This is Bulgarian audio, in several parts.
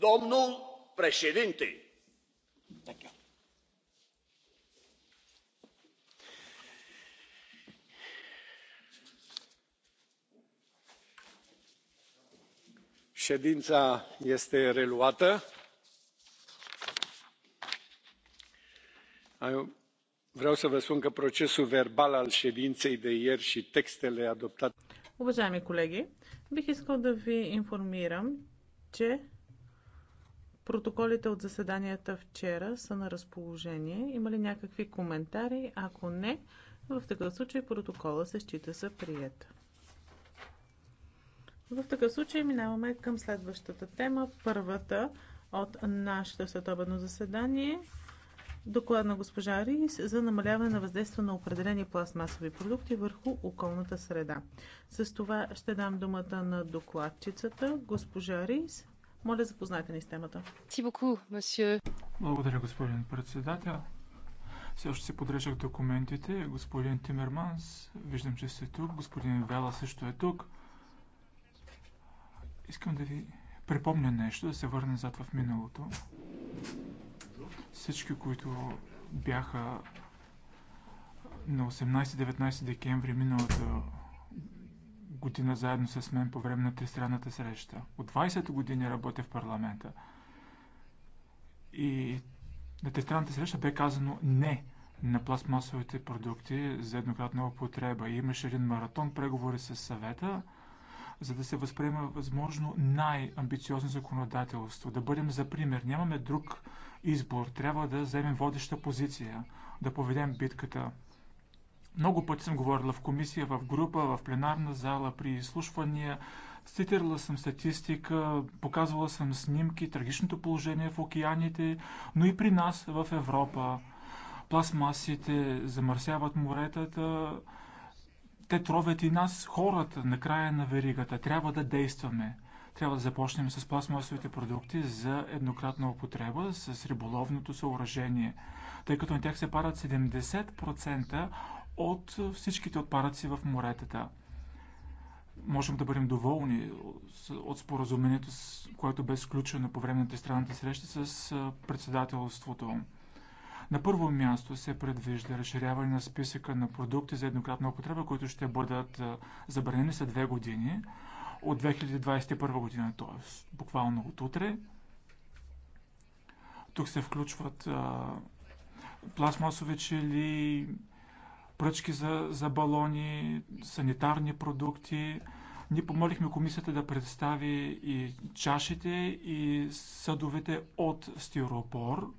domnul președinte ședința este reluată. vreau să vă spun că procesul verbal al ședinței de ieri și textele adoptate. Уважаеми колеги, бих искал да ви информирам, че Протоколите от заседанията вчера са на разположение. Има ли някакви коментари? Ако не, в такъв случай протокола се счита за прият. В такъв случай минаваме към следващата тема, първата от нашето следобедно заседание. Доклад на госпожа Рис за намаляване на въздействие на определени пластмасови продукти върху околната среда. С това ще дам думата на докладчицата, госпожа Рис. Моля, запознайте ни с темата. Благодаря, господин председател. Все още си подрежах документите. Господин Тимерманс, виждам, че сте тук. Господин Вела също е тук. Искам да ви припомня нещо, да се върна назад в миналото. Всички, които бяха на 18-19 декември миналата година заедно с мен по време на тристранната среща. От 20 години работя в парламента. И на тристранната среща бе казано не на пластмасовите продукти за еднократна употреба. И имаше един маратон преговори с съвета, за да се възприема възможно най-амбициозно законодателство. Да бъдем за пример. Нямаме друг избор. Трябва да вземем водеща позиция, да поведем битката много пъти съм говорила в комисия, в група, в пленарна зала, при изслушвания. Цитирала съм статистика, показвала съм снимки, трагичното положение в океаните, но и при нас в Европа. Пластмасите замърсяват моретата, те тровят и нас, хората, на края на веригата. Трябва да действаме. Трябва да започнем с пластмасовите продукти за еднократна употреба, с риболовното съоръжение, тъй като на тях се парат 70% от всичките отпадъци в моретата. Можем да бъдем доволни от споразумението, което бе сключено по време на тристранната среща с председателството. На първо място се предвижда разширяване на списъка на продукти за еднократна употреба, които ще бъдат забранени след две години от 2021 година, т.е. буквално от утре. Тук се включват а, пластмасови чели, пръчки за, за балони, санитарни продукти. Ние помолихме комисията да представи и чашите и съдовете от стиропор,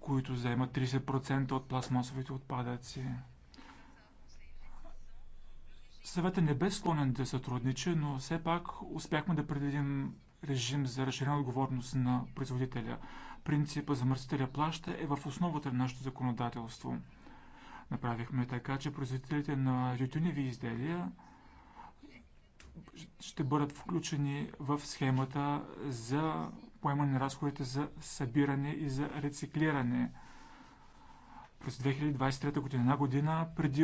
които заемат 30% от пластмасовите отпадъци. Съветът не бе склонен да сътрудничи, но все пак успяхме да предвидим режим за разширена отговорност на производителя. Принципа замърсителя плаща е в основата на нашето законодателство. Направихме така, че производителите на тютюневи изделия ще бъдат включени в схемата за поемане на разходите за събиране и за рециклиране през 2023 година, една година преди